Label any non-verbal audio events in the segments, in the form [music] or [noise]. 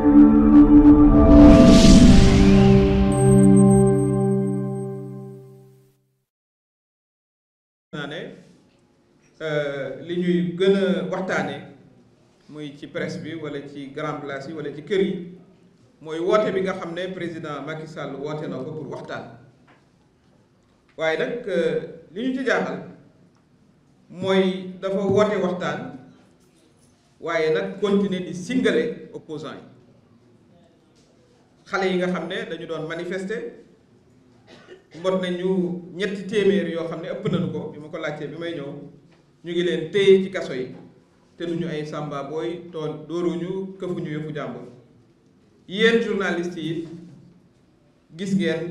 naa ne euh, li ñuy gën a waxtaane mooy ci presse bi wala ci grand place yi wala ci kër yi mooy woote bi nga xam ne président Macky Sall woote na ko pour waxtaan waaye nag euh, li ñu ci jaaxal mooy dafa woote waxtaan waaye nag continuer di singale opposant yi xalé yi nga xamné dañu doon manifester mbot nañu ñetti témèr yo xamné ëpp nañu ko bima ko laccé bi may ñëw ñu ngi leen téy ci kasso yi te nuñu ay to dooru ñu kefu ñu yëfu jàmbur yeen journaliste yi gis ngeen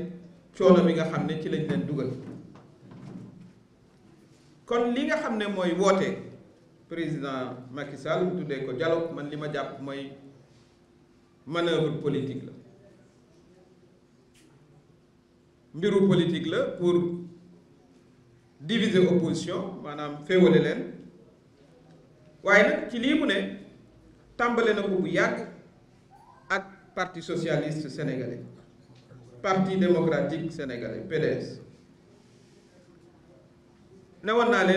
choono bi nga xamné ci lañ leen dugal kon li nga xamné moy woté président Macky Sall tuddé ko dialogue man lima japp moy manœuvre politique la bureau politique pour diviser l'opposition, Mme féwolé len waye y ci li mu né tambalé na ko parti socialiste sénégalais parti démocratique sénégalais PDS né woon le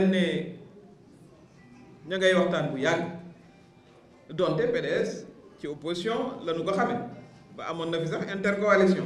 ngay waxtan bu PDS ci opposition la ko intercoalition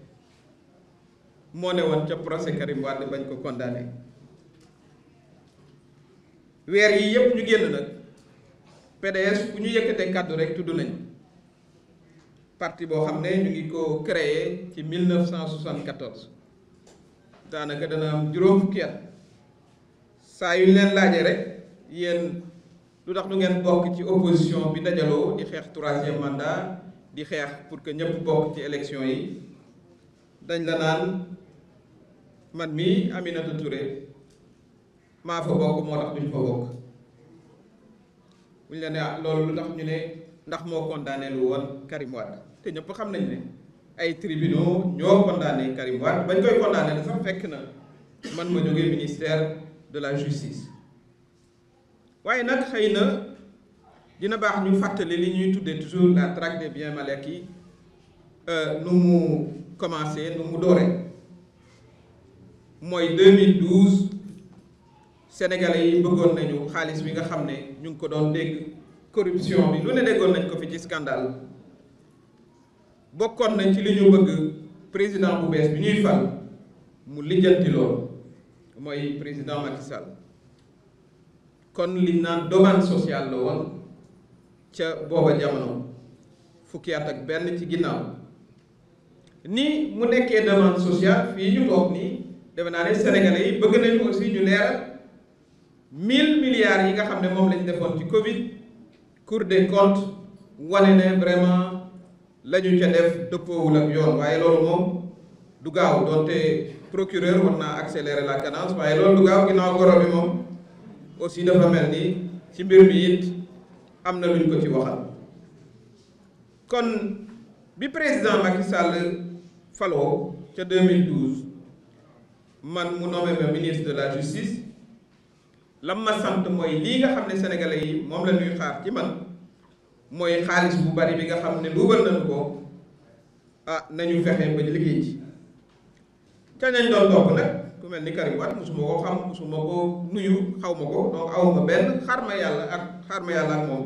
mo ne won ci procès Karim wad bañ ko condamné wér yi yépp ñu genn nak PDS ku ñu yëkëté cadeau rek tuddu nañ parti bo xamné ñu ngi ko créé ci 1974 daanaka dana am juroom fukki sa yu leen laajee rek yeen lu tax nu ngeen bok ci opposition bi dajalo di xex 3e mandat di xex pour que ñepp bok ci élection yi dañ la naan man mii Aminata Touré maa fa bokk moo tax duñ fa bokk buñ la ne ah, loolu lu tax ñu ne ndax moo condamné lu woon Karim Wade te ñëpp xam nañ ne ay tribunaux ñoo condamné Karim Wade bañ koy condamné la sax fekk na man ma jógee ministère de la justice waaye nag xëy na dina baax ñu fàttali li ñuy tuddee toujours la traque des biens mal acquis euh, nu mu commencé nu mu dooree. mooy 2012 sénégalais yi bëggoon nañu xaalis bi nga xam ne ñu ngi ko doon dégg corruption bi lu ne déggoon nañ ko fi ci scandale bokkoon nañ ci li ñu bëgg président bu bees bi ñuy fal mu lijjanti loolu mooy président Macky kon liñ naan demande sociale la woon ca booba jamono fukki at ak benn ci ginnaaw ni mu nekkee demande sociale fii ñu toog nii defe sénégalais yi bëgg nañu aussi ñu leeral 1000 milliards yi nga xamné mom lañ defoon ci Covid Cour des comptes wané né vraiment lañu ñu def dëppoowul ak yoon waaye loolu mom du gaaw donté procureur war na accélérer la cadence waaye loolu du gaaw ginnaw goro bi moom aussi dafa melni ci mbir mi yitt amna luñ ko ci waxal kon bi président Macky Sall fallo ca 2012. man mu nommé ma ministre de la justice lam ma sant mooy lii nga xam ne sénégalais yi moom la ñuy xaar ci man mooy xaalis bu bari bi nga xam ne luubal nañu ko ah nañu fexe ba liggéey ci ca nañ doon topp nag ku mel ni Karim Wade musuma ko xam ko nuyu xaw ma ko donc awma benn xaar ma yàlla ak xaar ma yàlla ak moom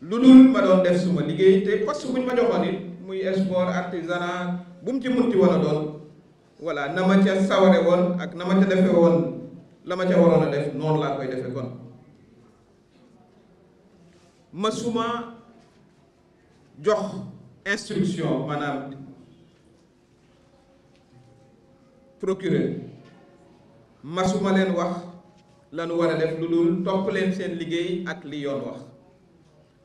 lu dul ma doon def suma liggéey te poste bu ñu ma joxoon it muy sport artisanat bu mu ci munti wala doon voilà na ca saware won ak na ma ca defe woon la ca waroon def non la koy defe kon masuma jox instruction manam procureur masuma len wax lanu wara def lulul top len sen seen liggéey ak li yoon wax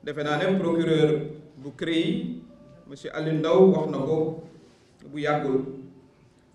defe naa ne procureur bu créé monsieur Ali Ndaw wax na ko bu yàggul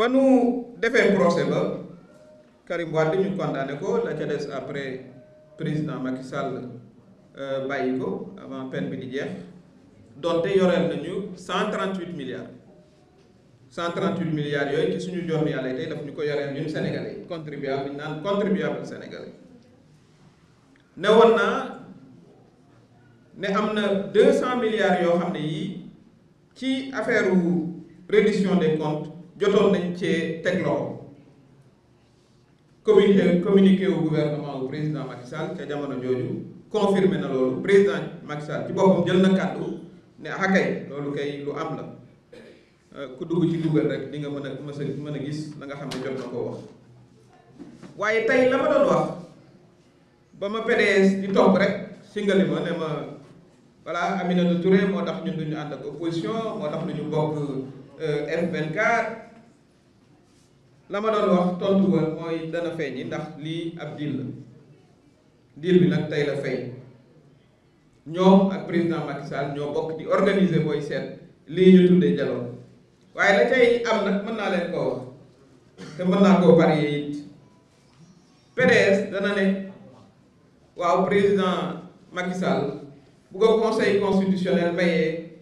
ba nu defee procès ba Karim condamné la président Macky Sall euh, avant peine bi di jeex donte yoreel nañu 138 milliards 138 milliards qui, ci suñu sénégalais yi contribuables sénégalais ne woon ne milliards qui xam ne des comptes jotoon nañ cee teg loxo euh, communiqué communiqué au gouvernement président Macky ca jamono jooju confirmé na loolu président Macky Sall ci boppam jël na kàddu ne akay ah, loolu kay lu am la euh, ku dugg ci Google rek li nga mën a mës mën a gis la nga xam ne jot na koo wax waaye tey la ma doon wax ba ma PDS di topp rek singali ma ne ma voilà Aminata Touré moo tax ñun duñu ànd ak opposition moo tax duñu bokk euh, F24 la ma doon wax tontu ba mooy dana nii ndax lii ab diil la diil bi nag tey la feeñ ñoom ak président Macky Sall ñoo bokk di organise booy seet lii ñu tuddee dialogue waaye la cay am nag mën naa leen koo wax te mën naa koo bari yi PDS dana ne waaw président Macky Sall bu ko conseil constitutionnel mayee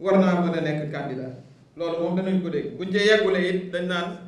war naa mën a nekk candidat loolu moom danañ ko dégg buñ cee yàggule it dañ naan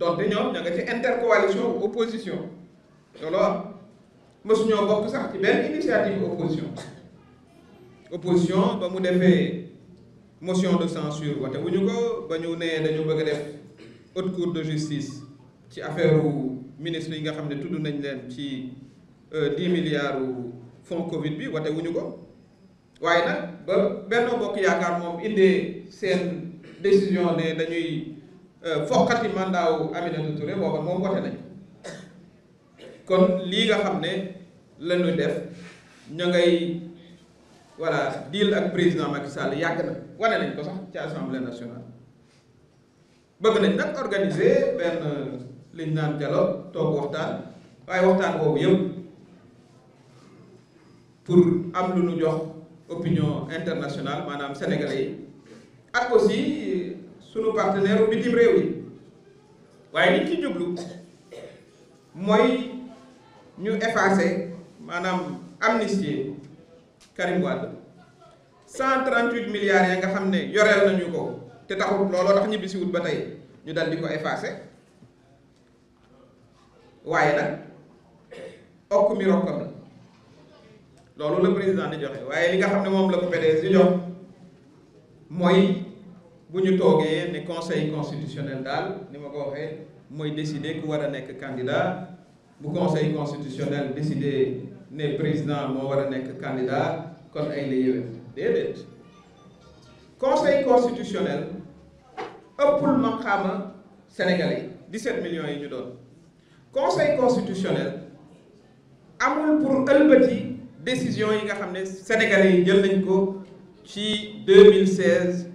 donc nous avons ña intercoalition opposition alors, nous avons bokk sax ci initiative opposition opposition ba mu defee motion de censure wate wu une ko ba ñu nee dañu bëgg a def haute cour de justice ci affaire le ministre yi nga xam tout le nañ leen 10 euh, milliards de fonds covid bi wate wu ñu ko waaye nag ba Benno Bokk Yaakaar moom indee seen décision de dañuy Euh, fokkati mandat wu Aminata Touré booba moom wote nañ kon lii nga xam ne la ñu def ñu ngay voilà deal ak président Macky Sall yàgg na wane nañ ko sax ci assemblée nationale bëgg nañ nag organiser benn liñ naan dialogue toog waxtaan waaye waxtaan boobu yëpp pour am lu ñu jox opinion internationale maanaam sénégalais ak aussi. sunu partenaire bitim réew yi waaye liñ ci jublu mooy ñu effacé maanaam amnistie Karim Wade 138 milliards ya nga xam ne yoreel nañu ko te taxul looloo tax ñibbisi wut ba tey ñu dal di ko effacé waaye nag okk mi rokkam loolu la président di joxe waaye li nga xam ne moom la ko PDS di jox mooy Si nous toogee le conseil constitutionnel nous avons décidé ko nous décider candidat Le conseil constitutionnel décider le président moo war a candidat comme ay est le conseil constitutionnel ëppul sénégalais 17 millions de dollars. Le conseil constitutionnel amul pour petite décision yi nga sénégalais yi jël nañ 2016.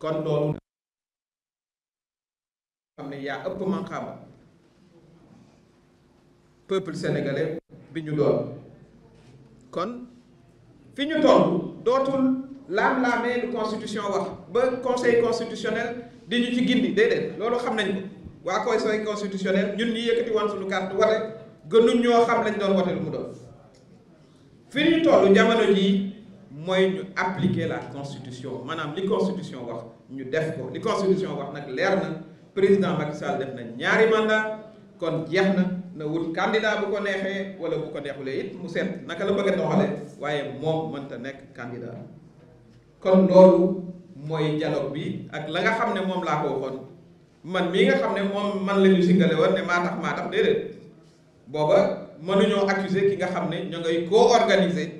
kon loolu xam ne yaa ëpp man xam peuple sénégalais bi ñu doon kon fi ñu toll dootul laam-laamee lu constitution wax ba conseil constitutionnel di ñu ci gindi déedéet loolu xam nañ ko waa conseil constitutionnel ñun ñi yëkkati woon suñu carte wate gënuñ ñoo xam nañ doon wate lu mu doon fi ñu toll jamono jii nous ñu appliquer la constitution Madame, la constitution wax ñu def constitution wax Le président Macky Sall def na ñaari mandat kon jeex na na candidat bu ko nexé wala bu ko nexulé it mu sét naka la bëgg a mom mën ta nek candidat kon lolu moy dialogue bi ak la nga xamné mom la ko man vous. nga xamné mom man la singalé Vous ma tax suis tax accuser ki nga xamné co-organiser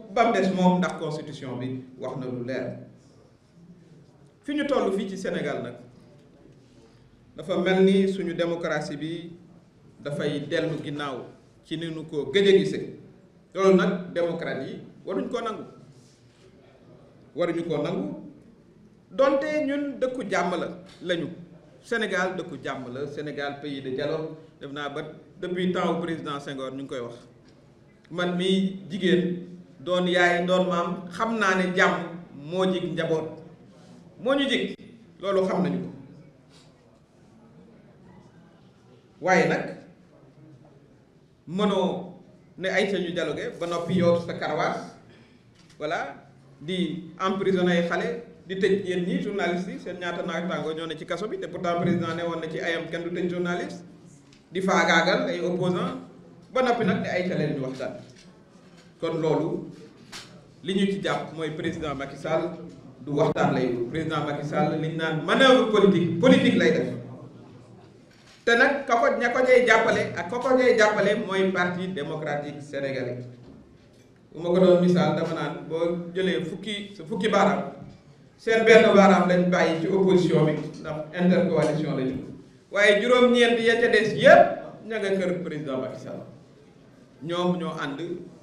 bam mu des moom ndax constitution bi wax na lu leer fi ñu toll fii ci Sénégal nag dafa mel ni suñu démocratie bi dafay dellu ginnaaw ci ni nu ko gëj a gisee loolu nag démocrate yi waruñ koo nangu waruñu koo nangu doonte ñun dëkku jàmm la lañu Sénégal dëkku jàmm la Sénégal pays de dialogue def naa ba depuis temps président Senghor ñu ngi koy wax man mii jigéen. doon yaay doon maam xam naa ne jàmm moo jig njaboot moo ñu jig loolu xam nañu ko waaye nag mënoo ne ay sa ñu dialogue ba noppi yow sa karawaas voilà di emprisonné ay xale di tëj yéen ñi journaliste yi seen ñaata naataangoo ñoo ne ci kaso bi te pourtant président ne woon na ci ayam kenn du tëj journaliste di faagaagal ay opposant ba noppi nag ne ay ca leen ñu wax kon loolu li ñu ci jàpp mooy président Macky Sall du waxtaan lay président Macky Sall li ñu naan manœuvre politique politique lay def te nag ka ko ña ko ñay jàppale ak ka ko ñay jàppale mooy parti démocratique sénégalais bu ma ko doon misaal dama naan boo jëlee fukki sa fukki baaraam seen benn baaraam lañ bàyyi ci opposition bi ndax intercoalition la ñu waaye juróom-ñeent ya ca des yépp ña nga kër président Macky Sall ñoom ñoo ànd.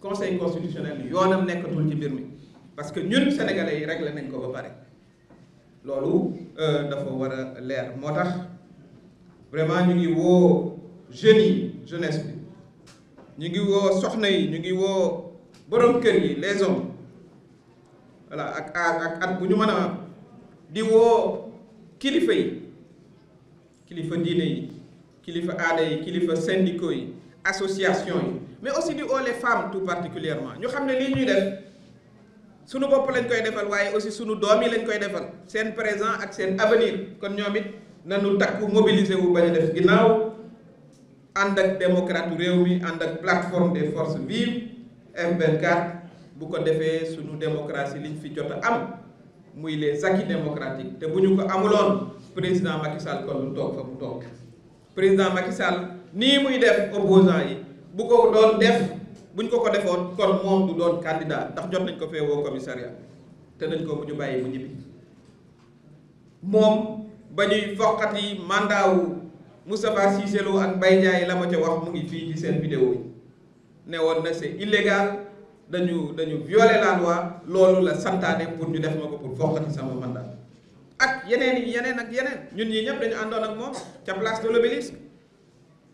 conseil constitutionnel bi yoonam nekkatul ci mbir mi parce que ñun sénégalais yi réglé nañ ko ba pare loolu euh, dafa war a leer moo tax vraiment ñu ngi woo jeunes yi jeunesse bi ñu ngi woo soxna yi ñu ngi woo borom kër yi les hommes voilà ak ak at bu ñu mën a di woo kilifa yi kilifa diine yi kilifa aada yi kilifa syndicaux yi association yi mais aussi du haut les femmes tout particulièrement ñu xam ne lii ñuy def sunu bopp lañ koy defal aussi sunu nous yi lañ koy c'est un présent ak seen avenir kon nous avons nañu takku mobiliser wu bañ a def ginnaaw ànd ak démocrate réew mi ànd ak plateforme des forces vives F24 bu ko defee sunu démocratie liñ fi jot a am muy les acquis démocratiques te nous avons ko amuloon président Macky Sall kon lu toog fa mu toog président Macky Sall ni muy def opposant yi bu ko doon def buñ ko ko defoon kon moom du doon candidat ndax jot nañ ko fee woo commissariat te nañ ko mujj bàyyi mu ñibbi moom ba ñuy foqati mandat wu Moustapha Cissé Lo ak Mbaye Ndiaye la ma ca wax mu ngi fii ci seen vidéo yi ne woon na c'est illégal dañu dañu violer la loi loolu la santaane pour ñu def ma ko pour foqati sama mandat ak yeneen yi yeneen ak yeneen ñun ñii ñëpp dañu àndoon ak moom ca place de l'Obélisque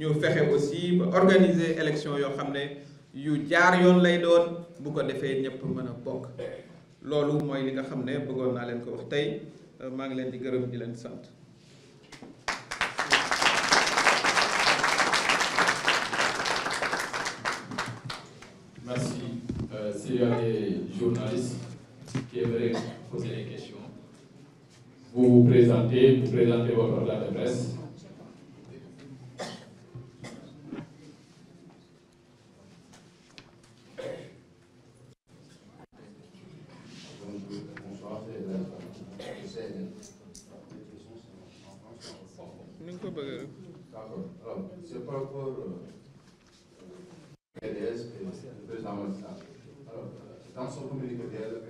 Nous faisons aussi organiser élection yo xamné yu jaar merci euh, journalistes qui aimeraient poser des questions vous vous présentez vous présentez votre ordre de presse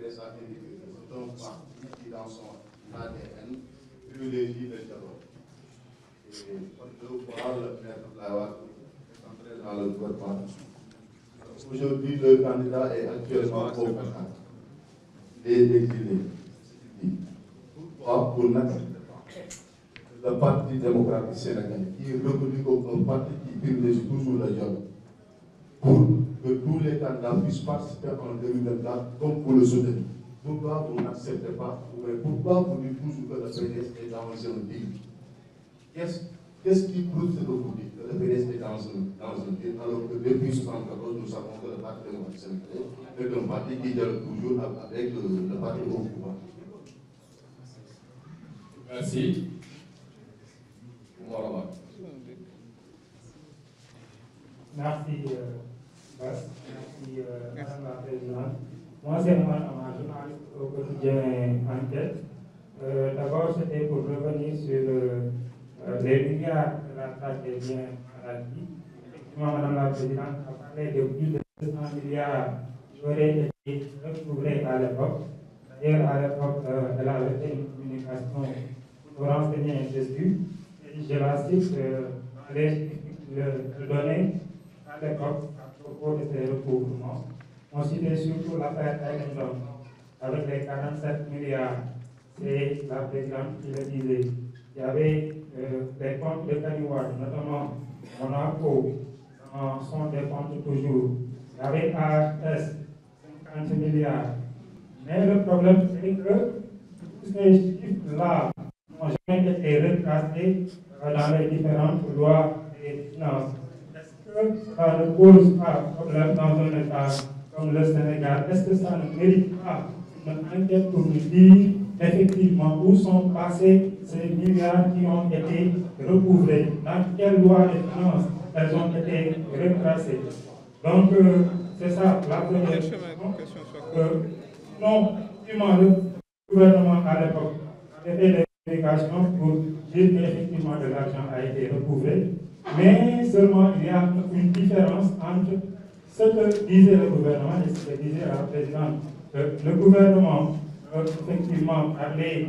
les attributs d'un parti qui, dans son ADN, plus privilégie le dialogue. Et deux fois, le maître Lawat est dans le gouvernement. Aujourd'hui, le candidat est actuellement au Qatar. Il est décliné. Pourquoi Pour n'accepter pas. Le Parti démocratique sénégalais, qui est reconnu comme un parti qui privilégie toujours le dialogue pour que tous les candidats puissent participer en 2024 comme pour le soutenir. Pourquoi vous n'acceptez pas Pourquoi vous dites toujours que le PDS est dans un pays Qu'est-ce qui prouve ce que vous dites Que le PDS est dans un, deal, alors que depuis 1974, nous savons que le Parti est est un parti qui est toujours avec le, le parti au pouvoir. Merci. Merci. Euh, Merci, Madame la Présidente. Moi, c'est moi, je journaliste au quotidien en tête. Euh, d'abord, c'était pour revenir sur euh, euh, les milliards de la traque des biens vie. Effectivement, Madame la Présidente a parlé de plus de 200 milliards qui auraient été retrouvés à l'époque. D'ailleurs, à l'époque, elle a de une communication pour renseigner un Et je la cite, les, le, à l'époque pour ces le recouvrement. On surtout l'affaire Eglon avec les 47 milliards. C'est la présidente qui le disait. Il y avait des comptes de Kaniwad, notamment mon en sont des comptes toujours. Il y avait ARS, 50 milliards. Mais le problème, c'est que tous ces chiffres-là n'ont jamais été retracés dans les différentes lois et finances ça ne pose pas dans un État comme le Sénégal Est-ce que ça ne mérite pas une enquête pour nous dire effectivement où sont passés ces milliards qui ont été recouvrés, dans quelle loi de finances elles ont été retracées Donc, c'est ça la première question. non, le gouvernement à l'époque avait des pour dire qu'effectivement de l'argent a été recouvré. Mais seulement, il y a une différence entre ce que disait le gouvernement et ce que disait la présidente. Euh, le gouvernement, euh, effectivement, parlait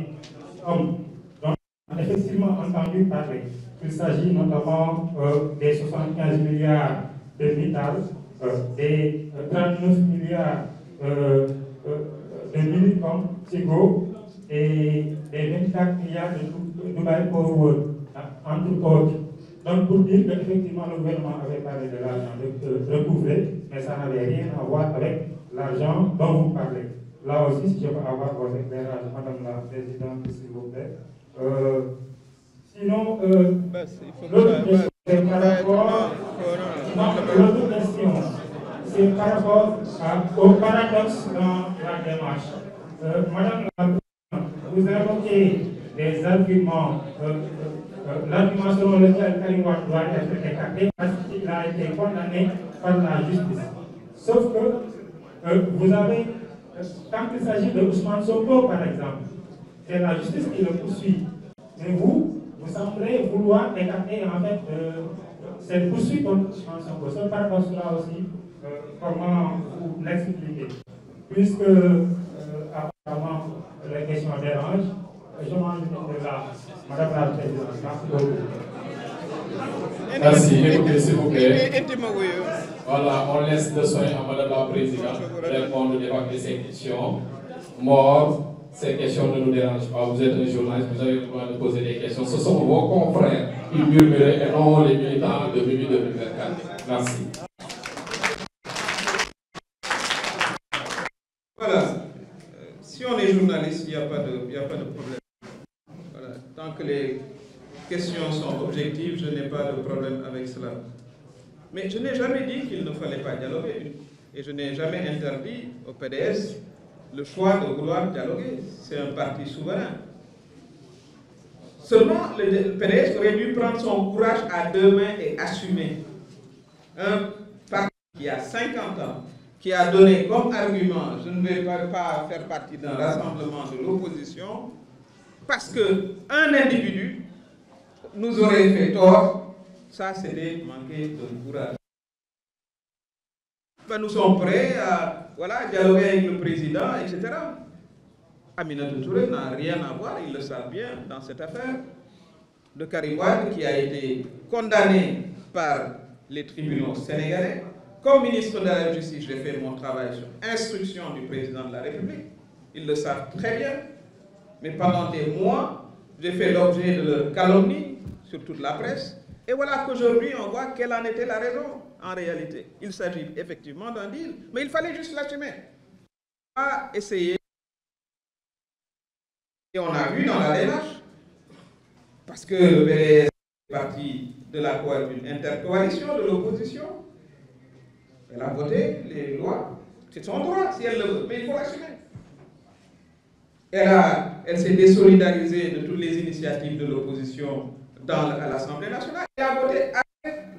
a effectivement entendu parler. Il s'agit notamment euh, des 75 milliards de métal, des 39 milliards de militants Tigo et des 24 milliards de Dubaï Power, entre autres. Donc pour dire qu'effectivement le gouvernement avait parlé de l'argent de recouvrer, mais ça n'avait rien à voir avec l'argent dont vous parlez. Là aussi, si je peux avoir vos éclairages, Madame la Présidente, s'il vous plaît. Euh, sinon, euh, l'autre question, c'est par rapport, au paradoxe dans la démarche. Euh, madame la Présidente, vous invoquez des arguments. L'argument selon lequel Karim doit être écarté parce qu'il a été condamné par la justice. Sauf que euh, vous avez, quand il s'agit de Ousmane Soko, par exemple, c'est la justice qui le poursuit. Mais vous, vous semblez vouloir écarter en fait euh, cette poursuite contre Ousmane par rapport à cela aussi, euh, comment vous l'expliquez Puisque apparemment la question dérange, je Madame la Présidente. Merci, écoutez s'il vous plaît. Voilà, on laisse le soin à Madame la Présidente de répondre de ces questions. Mort, ces questions ne nous dérangent pas. Vous êtes un journaliste, vous avez le droit de poser des questions. Ce sont vos confrères qui murmuraient et non les militants de 2024. Merci. questions sont objectives, je n'ai pas de problème avec cela. Mais je n'ai jamais dit qu'il ne fallait pas dialoguer. Et je n'ai jamais interdit au PDS le choix de vouloir dialoguer. C'est un parti souverain. Seulement, le PDS aurait dû prendre son courage à deux mains et assumer. Un parti qui a 50 ans, qui a donné comme argument « je ne vais pas faire partie d'un rassemblement de l'opposition » parce qu'un individu nous aurions fait tort, ça c'était manquer de courage. Ben, nous sommes prêts à voilà, dialoguer avec le président, etc. Aminatou Touré n'a rien à voir, Ils le savent bien, dans cette affaire de Karim qui a été condamné par les tribunaux sénégalais. Comme ministre de la Justice, j'ai fait mon travail sur instruction du président de la République. Ils le savent très bien. Mais pendant des mois, j'ai fait l'objet de leur calomnie sur toute la presse. Et voilà qu'aujourd'hui, on voit quelle en était la raison, en réalité. Il s'agit effectivement d'un deal, mais il fallait juste l'assumer. Pas essayer. Et on a vu dans la démarche, parce que le BDS est parti de la intercoalition de l'opposition, elle a voté les lois. C'est son droit, si elle le veut, mais il faut l'assumer. Elle, elle s'est désolidarisée de toutes les initiatives de l'opposition dans l'Assemblée nationale et à voté avec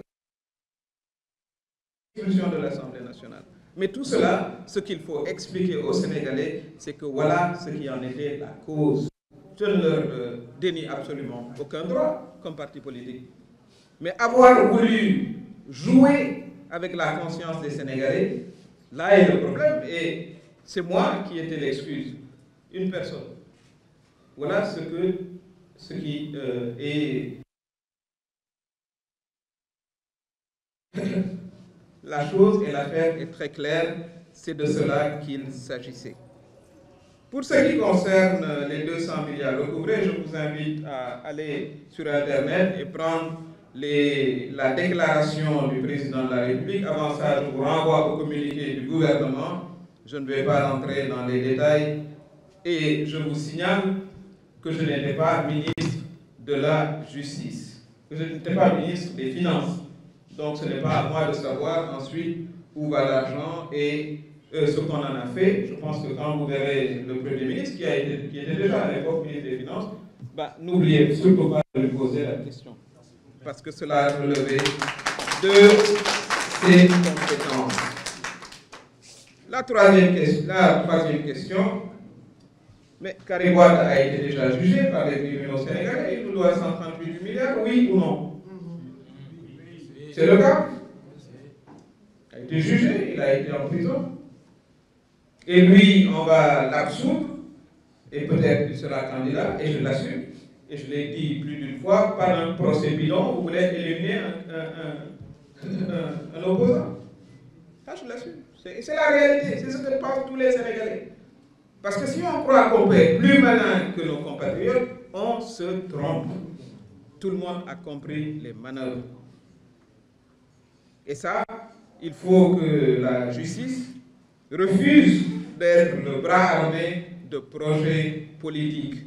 l'institution de l'Assemblée nationale. Mais tout cela, ce qu'il faut expliquer aux Sénégalais, c'est que voilà ce qui en était la cause. Je ne leur euh, dénie absolument aucun droit comme parti politique. Mais avoir voulu jouer avec la conscience des Sénégalais, là est le problème. Et c'est moi qui étais l'excuse. Une personne. Voilà ce que ce qui euh, est [coughs] la chose et l'affaire est très claire, c'est de cela qu'il s'agissait. Pour ce qui concerne euh, les 200 milliards recouvrés, je vous invite à aller sur Internet et prendre les, la déclaration du président de la République. Avant ça, je vous renvoie au communiqué du gouvernement. Je ne vais pas rentrer dans les détails. Et je vous signale que je n'étais pas ministre de la Justice, que je n'étais pas ministre des Finances. Donc ce n'est pas à moi de savoir ensuite où va l'argent et euh, ce qu'on en a fait. Je pense que quand vous verrez le Premier ministre, qui, était déjà à l'époque ministre des Finances, bah, n'oubliez surtout pas de lui poser la question. Parce que cela a relevé de ses compétences. La troisième, la troisième question mais Karim a été déjà jugé par les tribunaux sénégalais, il nous doit 138 milliards, oui ou non C'est le cas Il a été jugé, il a été en prison. Et lui, on va l'absoudre, et peut-être qu'il sera candidat, et je l'assume. Et je l'ai dit plus d'une fois, par un procès bilan, vous voulez éliminer un, opposant. Ça, je l'assume. C'est la réalité, c'est ce que pensent tous les Sénégalais. Parce que si on croit qu'on est plus malin que nos compatriotes, on se trompe. Tout le monde a compris les manœuvres. Et ça, il faut que la justice refuse d'être le bras armé de projets politiques.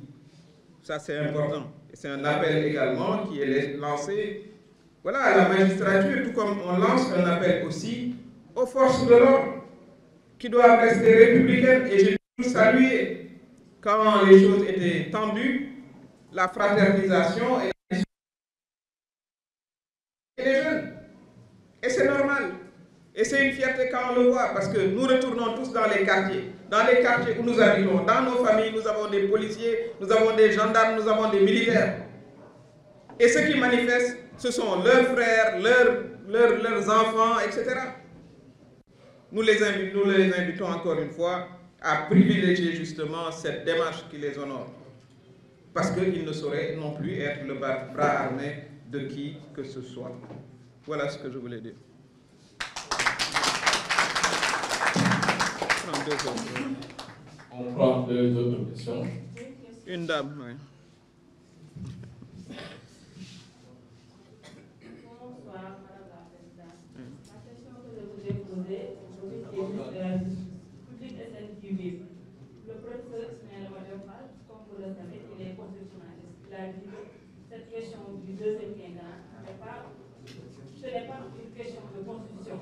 Ça, c'est important. C'est un appel également qui est lancé voilà, à la magistrature, tout comme on lance un appel aussi aux forces de l'ordre qui doivent rester républicaines et nous saluer quand les choses étaient tendues, la fraternisation et les jeunes. Et c'est normal. Et c'est une fierté quand on le voit, parce que nous retournons tous dans les quartiers. Dans les quartiers où nous arrivons, dans nos familles, nous avons des policiers, nous avons des gendarmes, nous avons des militaires. Et ceux qui manifestent, ce sont leurs frères, leurs, leurs, enfants, etc. Nous les, nous les invitons encore une fois à privilégier justement cette démarche qui les honore. Parce qu'ils ne sauraient non plus être le bras armé de qui que ce soit. Voilà ce que je voulais dire. On prend deux autres questions. Une dame, oui. question de constitution.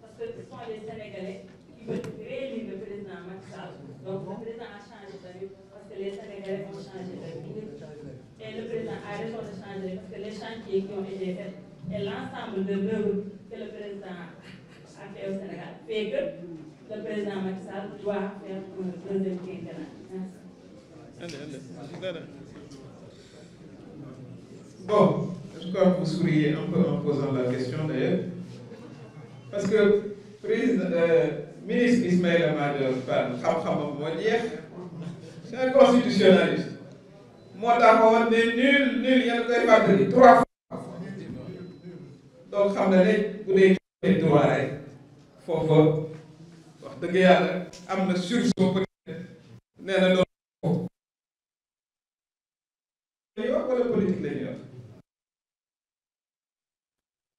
Parce que ce sont les Sénégalais qui veulent réélire le président Macky Sall. Donc le président a changé d'avis parce que les Sénégalais ont changé d'avis. Et le président a raison de changer parce que les chantiers qui ont été faits et l'ensemble de l'œuvre que le président a fait au Sénégal fait que le président Macky Sall doit faire le deuxième quinquennat. Merci. Bon que vous souriez un peu en posant la question d'ailleurs Parce que euh, ministre Ismaël Amadou Fall xam-xamam moo c'est un constitutionnaliste moo taxawoon ne nul nul yéen koy de trois fois donc xam na ne bu dee droit il faut wax dëgg yàlla am sur son peut-être nee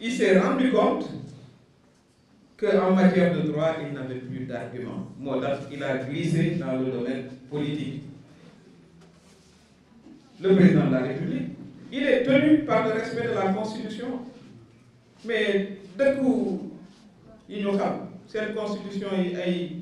il s'est rendu compte que en matière de droit il n'avait plus d'argument il a glissé dans le domaine politique le président de la République il est tenu par le respect de la constitution mais il n'y ñu pas cette constitution a ay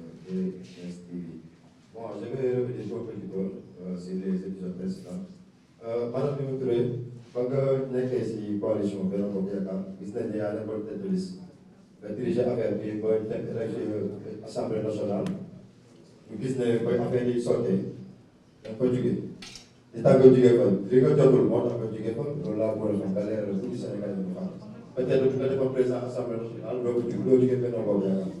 et STV. Bon, je vais revenir sur un sur les épisodes précédents. Madame Mimi Touré ba nga nekkee si coalition Benno Bokk Yaakaar gis nañ ne yaa nekkoon tête de liste nga diriger affaire bi ba nekk rek assemblée nationale ñu gis ne ba affaire yi sottee da nga ko jugee di tàgg jugee fa li nga jotul moo tax nga jugee fa loolu laa bëggoon xam nga leeral pour Sénégal mu xam peut-être bu nga defoon président assemblée ko jug doo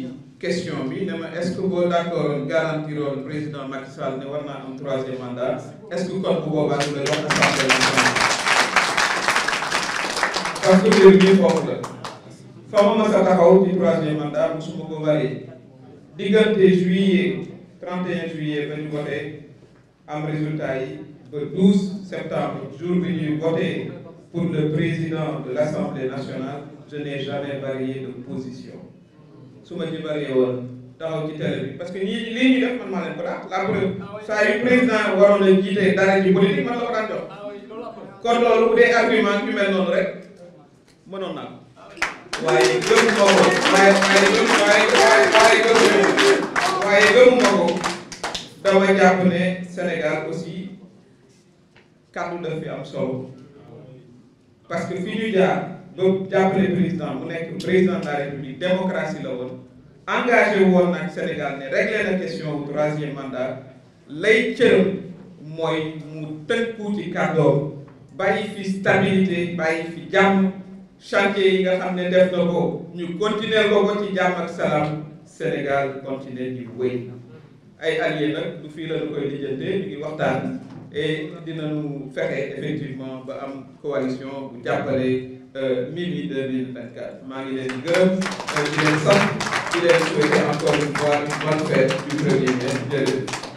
question bi est-ce que êtes d'accord le président Macky Sall ne war un troisième mandat est-ce que vous bu boobaa du l'assemblée nationale parce que mbir mi foofu la fa troisième mandat mosuma ko diggante juillet 31 juillet ba ñu voté am résultat yi 12 septembre jour bi ñuy voter pour le président de l'Assemblée nationale je n'ai jamais varié de position su ma ci bëree woon taxaw ci télé bi parce que ñii lii ñuy def man maa leen ko daan la preuve ah saa yu président waroon a jiite dara ji politique man la ko daan jox ah kon loolu bu dee argument bi mel noonu rek mënoon naa ko ah waaye gëmu ma ko waaye waaye waaye gëmu waaye gëmu ma ko dama jàpp ne Sénégal aussi kàddu daf fi am solo parce que fi ñu ba jàppale président mu nekk président de la république démocratie la woon engagé woon nag Sénégal ne régler la question bu troisième mandat lay cëram mooy mu tënku ci cadeau, bàyyi fi stabilité bàyyi fi jàmm chantier yi nga xam ne def na ko ñu continuer ko ko ci jàmm ak salaam Sénégal continuer di wéy ay alliés nag du fii la ñu koy lijjantee ñu ngi waxtaan et dinañu fexe effectivement ba am coalition bu jàppale. Euh, Mimi 2024 maa ngi leen gërëm di leen sant di leen souhaiter encore une fois une bonne fête du premier mai jërëjëf